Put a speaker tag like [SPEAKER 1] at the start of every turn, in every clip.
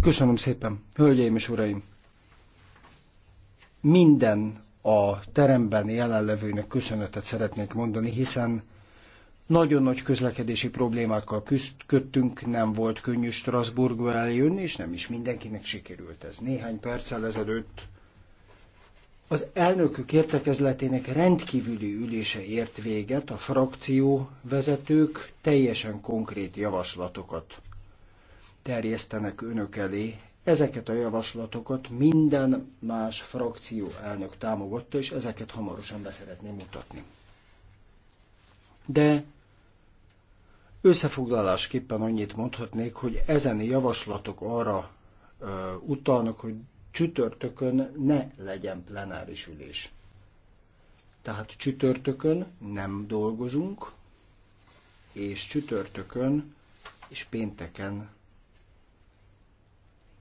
[SPEAKER 1] Köszönöm szépen, hölgyeim és uraim! Minden a teremben jelenlevőnek köszönetet szeretnék mondani, hiszen nagyon nagy közlekedési problémákkal küzdködtünk, nem volt könnyű Strasbourgba eljönni, és nem is mindenkinek sikerült ez. Néhány perccel ezelőtt az elnökök értekezletének rendkívüli ülése ért véget, a frakció vezetők teljesen konkrét javaslatokat terjesztenek önök elé. Ezeket a javaslatokat minden más frakció elnök támogatta, és ezeket hamarosan beszeretném mutatni. De összefoglalásképpen annyit mondhatnék, hogy ezen javaslatok arra utalnak, hogy csütörtökön ne legyen plenáris ülés. Tehát csütörtökön nem dolgozunk, és csütörtökön és pénteken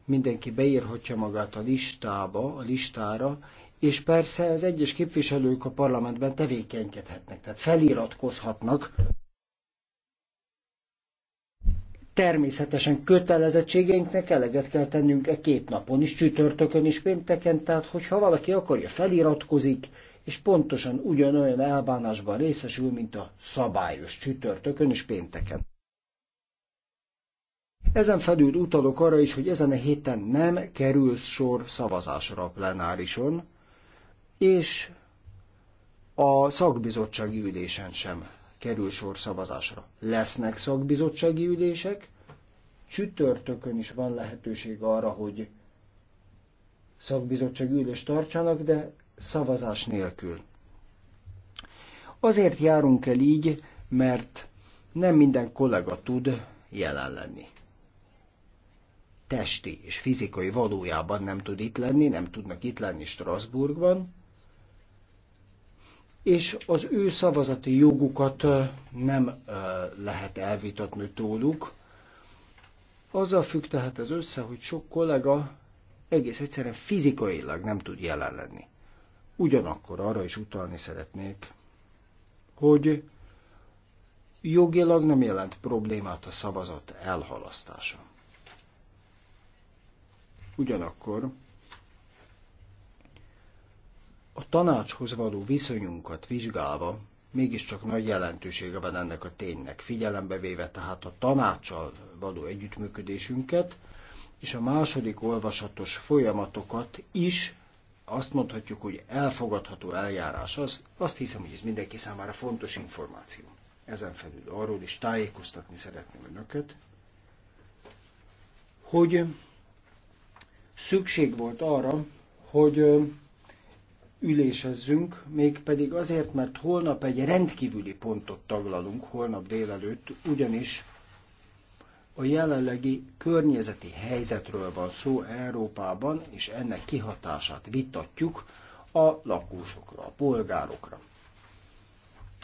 [SPEAKER 1] mindenki beírhatja magát a listába, a listára, és persze az egyes képviselők a parlamentben tevékenykedhetnek, tehát feliratkozhatnak. Természetesen kötelezettségeinknek eleget kell tennünk e két napon is, csütörtökön is, pénteken, tehát hogyha valaki akarja, feliratkozik, és pontosan ugyanolyan elbánásban részesül, mint a szabályos csütörtökön és pénteken. Ezen felül utalok arra is, hogy ezen a héten nem kerül sor szavazásra a plenárison, és a szakbizottsági ülésen sem kerül sor szavazásra. Lesznek szakbizottsági ülések, csütörtökön is van lehetőség arra, hogy szakbizottsági ülést tartsanak, de szavazás nélkül. Azért járunk el így, mert nem minden kollega tud jelen lenni. Testi és fizikai valójában nem tud itt lenni, nem tudnak itt lenni Strasbourgban, és az ő szavazati jogukat nem lehet elvitatni tőlük. Azzal függ tehát ez össze, hogy sok kollega egész egyszerűen fizikailag nem tud jelen lenni. Ugyanakkor arra is utalni szeretnék, hogy jogilag nem jelent problémát a szavazat elhalasztása. Ugyanakkor tanácshoz való viszonyunkat vizsgálva, mégiscsak nagy jelentősége van ennek a ténynek, figyelembe véve tehát a tanácsal való együttműködésünket, és a második olvasatos folyamatokat is azt mondhatjuk, hogy elfogadható eljárás az, azt hiszem, hogy ez mindenki számára fontos információ. Ezen felül arról is tájékoztatni szeretném önöket, hogy szükség volt arra, hogy ülésezzünk, mégpedig azért, mert holnap egy rendkívüli pontot taglalunk, holnap délelőtt, ugyanis a jelenlegi környezeti helyzetről van szó Európában, és ennek kihatását vitatjuk a lakósokra, a polgárokra.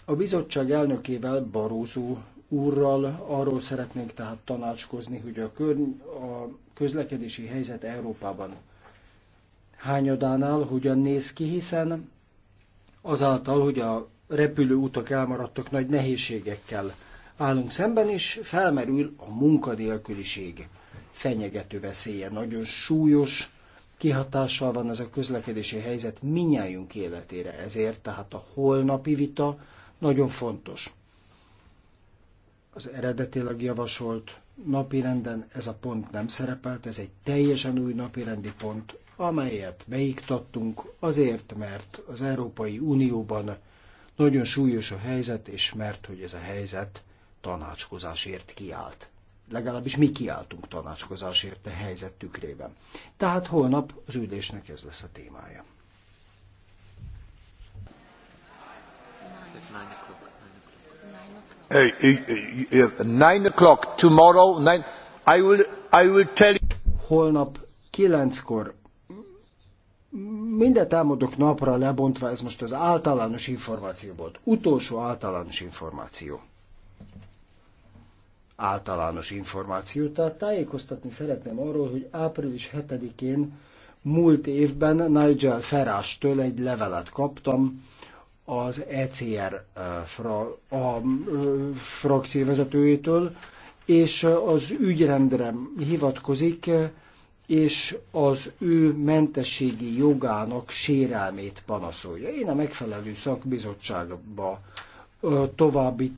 [SPEAKER 1] A bizottság elnökével, Barózó úrral arról szeretnénk tehát tanácskozni, hogy a, körny- a közlekedési helyzet Európában hányadánál hogyan néz ki, hiszen azáltal, hogy a repülő utak elmaradtak, nagy nehézségekkel állunk szemben, és felmerül a munkadélküliség fenyegető veszélye. Nagyon súlyos kihatással van ez a közlekedési helyzet minnyájunk életére. Ezért tehát a holnapi vita nagyon fontos az eredetileg javasolt napirenden ez a pont nem szerepelt, ez egy teljesen új napirendi pont, amelyet beiktattunk azért, mert az Európai Unióban nagyon súlyos a helyzet, és mert hogy ez a helyzet tanácskozásért kiállt. Legalábbis mi kiálltunk tanácskozásért a helyzet tükrében. Tehát holnap az ülésnek ez lesz a témája. Nine. Holnap kilenckor. Mindent elmondok napra lebontva, ez most az általános információ volt. Utolsó általános információ. Általános információ, tehát tájékoztatni szeretném arról, hogy április 7-én múlt évben Nigel Ferrástől egy levelet kaptam, az ECR fra, a frakció vezetőjétől, és az ügyrendre hivatkozik, és az ő mentességi jogának sérelmét panaszolja. Én a megfelelő szakbizottságba további